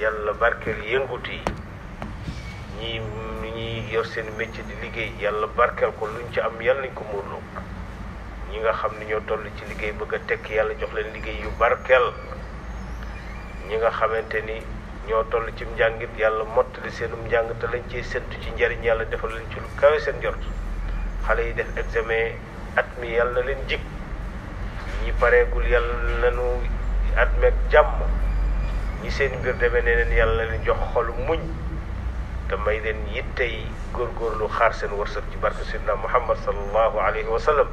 yàlla barkeel yëngut yi ñi ñuy yor seen métier di liggéey yàlla barkeel ko luñ ci am yàlla nañ ko muurloo ñi nga xam ne ñoo toll ci liggéey bëgg a tekk yàlla jox leen liggéey yu barkeel ñi nga xamante ni ñoo toll ci njàngit yàlla mottali seenum njàng te lañ ciy séntu ci njariñ yàlla defal leen ci lu kawe seen jort xale yi def examen at mi yàlla leen jig ñi pareegul yàlla nanu at meeg jàmm ñi seen mbir demee ne leen yàlla leen jox xolu muñ te may leen tey góor góor lu xaar seen wërsëg ci barke sidna muhammad sallallahu alayhi wa sallam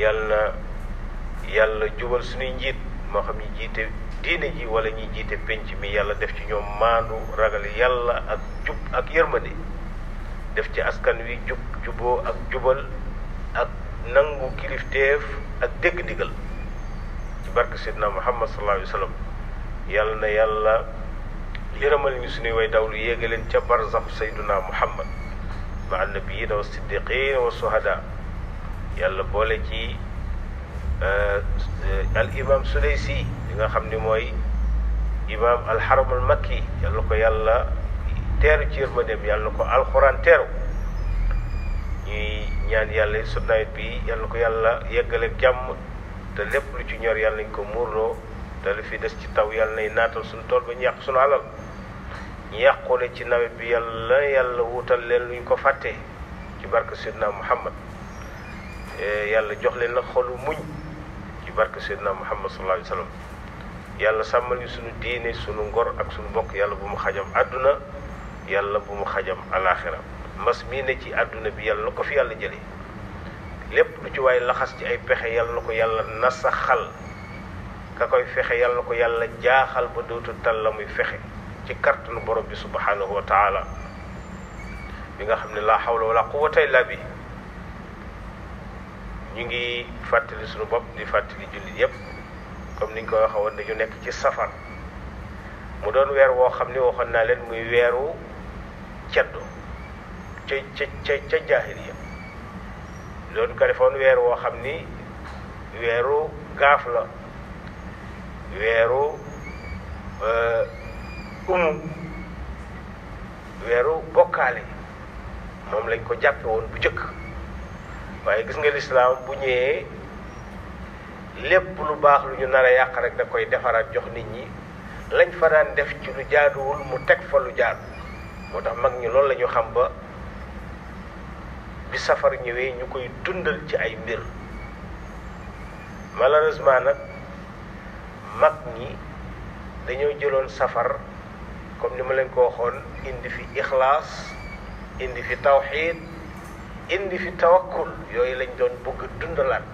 yàlla na yàlla jubal suñuy njiit moo xam ñi jiite diine ji wala ñi jiite pénc mi yàlla def ci ñoom maandu ragale yàlla ak jub ak yërmande def ci askan wi jub juboo ak jubal ak nangu kilifteef ak dégg ndigal ci barke sidna muhammad sallallahu alayhi wa yàlla na yàlla yërëmal ñu suñuy way dawlu yéega leen ca barzax sayduna muhammad ma annabiina wa siddiqin wa suhada yàlla boole ci euh, al imam suleysi li nga xam ni mooy imam alxaram al makki yàlla ko yàlla teeru ci yërmandeem yàlla ko alxuraan teeru ñuy ñaan yàlla su nawet bi yàlla ko yàlla yeggaleeg jàmm te lépp lu ci ñor yàlla nañ ko muurloo te li fi des ci taw yàlla nay naatal suñu tool ba ñu yàq suñu alal ñu yàqule ci nawet bi yàlla yàlla wutal leen luñ ko fàttee ci barke Seydina Muhammad e, yàlla jox leen la xolu muñ ci barke Seydina Muhammad sallallahu alayhi wa sallam yàlla sàmmal ñu suñu diine suñu ngor ak suñu mbokk yàlla bu mu xajam àdduna yàlla bu mu xajam alaaxira mbas mii ne ci àdduna bi yàlla na ko fi yàlla jëlee lépp lu ci waaye laxas ci ay pexe yàlla na ko yàlla nasaxal ka koy fexe yàlla ko yàlla jaaxal ba dootul tal la muy fexe ci kàttanu borom bi subhanahu wa taala bi nga xam ne laa la wala quwwata illa bi ñu ngi fàttali sunu bopp di fàttali jullit yépp comme niñ ko waxee woon dañu nekk ci safar mu doon weer woo xam ne waxoon naa leen muy weeru ceddo ca ca ca ca jaahiliya doon ko defoon weer woo xam ni weeru gaaf la weeru e, umu weeru bokkaale moom lañ ko jàppe bu jëkk waaye gis nga lislaam bu ñëwee lépp lu baax lu ñu nar a yàq rek da koy defaraat jox nit ñi lañ fa daan def ci lu jaaduwul mu teg fa lu jaadu moo tax mag ñi loolu lañu ñu xam ba bi safar ñëwee ñu koy dundal ci ay mbir malheureusement nag mag ñi dañoo jëloon safar comme ni ma leen ko waxoon indi fi ixlaas indi fi tawxiid indi fi tawakkul yooyu lañ doon bëgg dundalaat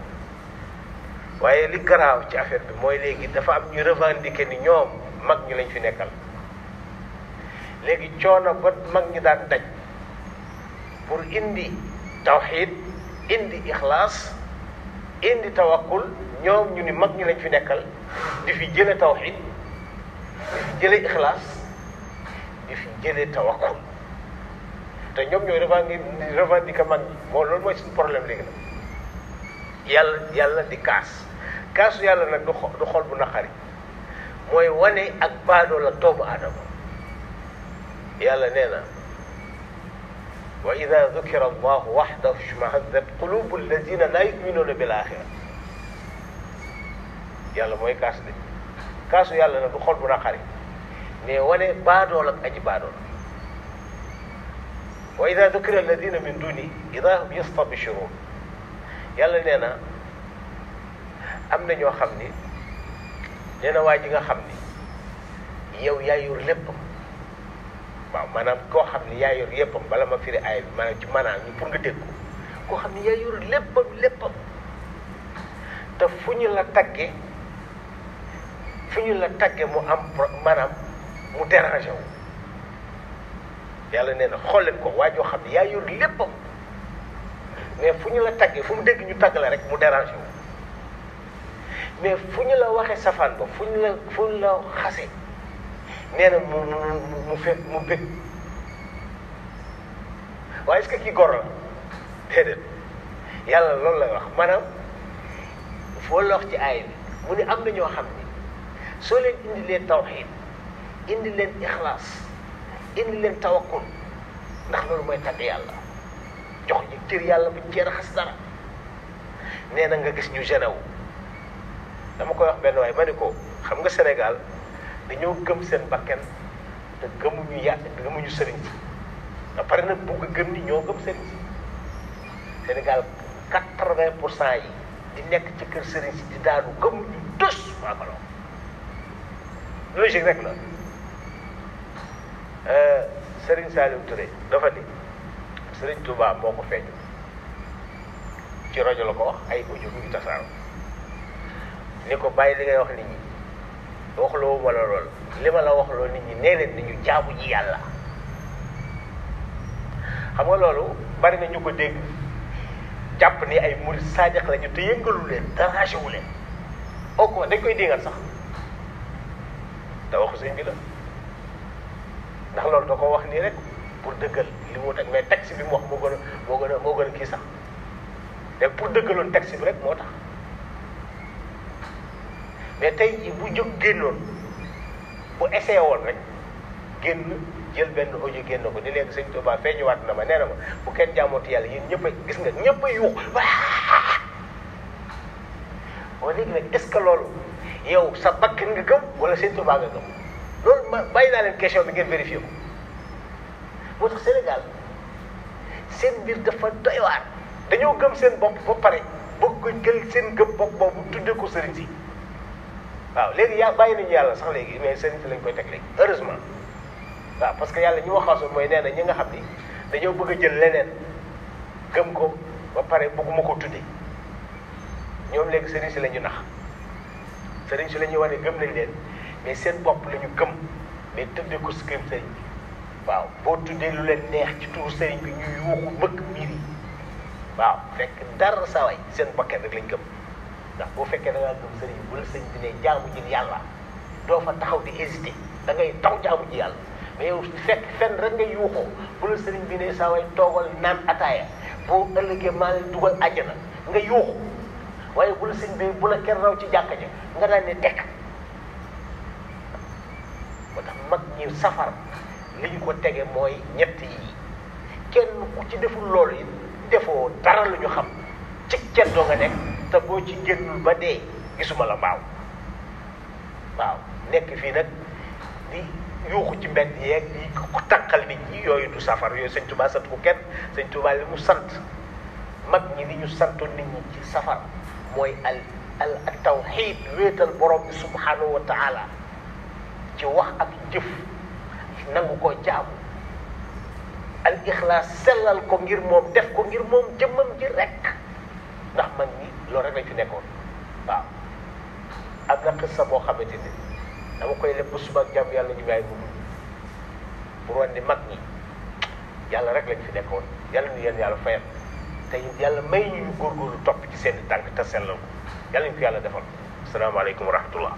waaye li garaaw ci affaire bi mooy léegi dafa am ñu revendiquer ni ñoom mag ñi lañ fi nekkal léegi coono ba mag ñi daan daj pour indi tawxiid indi ixlaas indi tawakkul ñoom ñu ni mag ñi lañ fi nekkal di fi jële tawxid di fi jële ixlaas di fi jële tawakkul te ñoom ñooy revendiquer revendiquer mag ñi moo loolu mooy suñu problème léegi nag yàlla yàlla di kaas kaasu yàlla nag bu naqari mooy wane ak baadoo la doomu aadama yàlla nee na wa ida dukira allahu waxdahu shmahadat qulubu alladina la yuminuuna bil axira yàlla mooy kaas de kaasu yàlla na du xol bu naqari mais wane baadool ak aji baadool wa ida dukira alladina min duni ida hum yastabishirun yàlla nee na am na ñoo xam ni nee na waa ji nga xam ni yow yaa yor lépp waaw maanaam koo xam ni yaa yor yéppam bala ma firi aay bi maanaam nga dégg koo xam ni yaa yor léppam léppam te fu la taggee fu ñu la tagge mu am maanaam mu dérangé wu yàlla nee na xool leen ko waa joo xam ne yaa yor léppam mais fu ñu la tagge fu mu dégg ñu tagg la rek mu dérangé wu mais fu ñu la waxee safaan ba fu ñu la fu la xase nee na mu mu mu mu bég waaye est-ce kii gor la déedéet yàlla loolu lay wax maanaam foo la ci aay bi mu ne am na ñoo xam soo leen indi leen tawxiid indi leen ixlaas indi leen tawakkul ndax loolu mooy tagg yàlla jox ñu cër yàlla buñ cee raxas dara nee nga gis ñu genew dama koy wax benn waay ma ni ko xam nga Sénégal dañoo gëm seen bakken te gëmuñu yà gëmuñu sëriñ si ba pare nag bu gëm ni ñoo gëm sëriñ si Sénégal quatre-vingt pour cent yi di nekk ci kër sëriñ si di daanu gëmuñu tos waa logique rek la Serigne Saliou Touré dafa ni Serigne Touba moo ko feeñu ci rajo la ko wax ay audio yu tasaaroo ni ko bàyyi li ngay wax nit ñi waxloo wala lool li ma la waxloo nit ñi nee leen nañu jaamu ji yàlla xam nga loolu bari nga ñu ko dégg jàpp ni ay murid sadiq la ñu te yëngalu leen dara wu leen au dañ koy déggal sax. te waxu sëñ bi la ndax loolu da ko wax nii rek pour dëggal li moo teg mais texte bi mu wax moo gën a moo gën a moo kii sax te pour dëggaloon texte bi rek moo tax mais tey ji bu jóg génnoon bu essayé woon rek génn jël benn audio génn ko di léegi sëñ Touba feeñuwaat na ma nee na ma bu kenn jaamooti yàlla yéen ñëpp a gis nga ñëpp a yuux waa léegi nag est-ce que loolu yow sa bakkan nga gëm wala seen Tuubaa nga gëm loolu ma bàyyi naa leen question bi ngeen vérifié ko moo tax Sénégal seen mbir dafa doy dañoo gëm seen bopp ba pare bëgg ko jël seen gëm bopp boobu tuddee ko sëriñ si waaw léegi yaa bàyyi nañu yàlla sax léegi mais sëriñ si lañ koy teg léegi heureusement waaw parce que yàlla ñu waxaasoon mooy nee na ñi nga xam ni dañoo bëgg a jël leneen gëm ko ba pare bëgguma ko tuddee ñoom léegi sëriñ si la ñu nax. sëriñ si la ñuy wax ne gëm nañ leen mais seen bopp la ñu gëm mais tëddee ko si kër sëriñ bi waaw boo tuddee lu leen neex ci tuur sëriñ bi ñu yuuxu bëgg biir yi waaw fekk dara saway seen bokkee rek lañ gëm ndax boo fekkee da ngaa gëm sëriñ bu la sëriñ bi ne jaamu ji yàlla doo fa taxaw di hésité da ngay taw jaamu ji yàlla mais fekk fenn rek nga yuuxoo bu la sëriñ bi ne saway toogal naan ataaya boo ëllëgee maa leen dugal àjjana nga yuuxu waaye bu la sëñ bi bu la kenn raw ci jàkka ji nga daan ne tekk moo tax mag ñi safar li ñu ko tege mooy ñett yi kenn ku ci deful loolu it defoo dara lu ñu xam ci kenn nga nekk te boo ci génnul ba dee gisuma la mbaaw waaw nekk fii nag di yuuxu ci mbedd yeeg di ku takkal nit ñi yooyu du safar yooyu sëñ Tuubaa sant ku kenn sëñ Tuubaa li mu sant mag ñi li ñu santoon nit ñi ci safar mooy al al ak tawxiid wéetal borom bi subhaanahu wa taala ci wax ak jëf nangu ko jaamu al ixlaas sellal ko ngir moom def ko ngir moom jëmmam ji rek ndax mag ñi loolu rek fi nekkoon waaw am na xissa boo xamante ni dama koy leb ba suba ak jàmm yàlla ñu bàyyi bu pour wan ni mag ñi yàlla rek lañ fi nekkoon yàlla ñu yéen yàlla fayal te yàlla may ñu góorgóorlu topp ci seen i tànk te sellal ko yàlla ñu ko yàlla defal asalaamaaleykum wa rahmatullah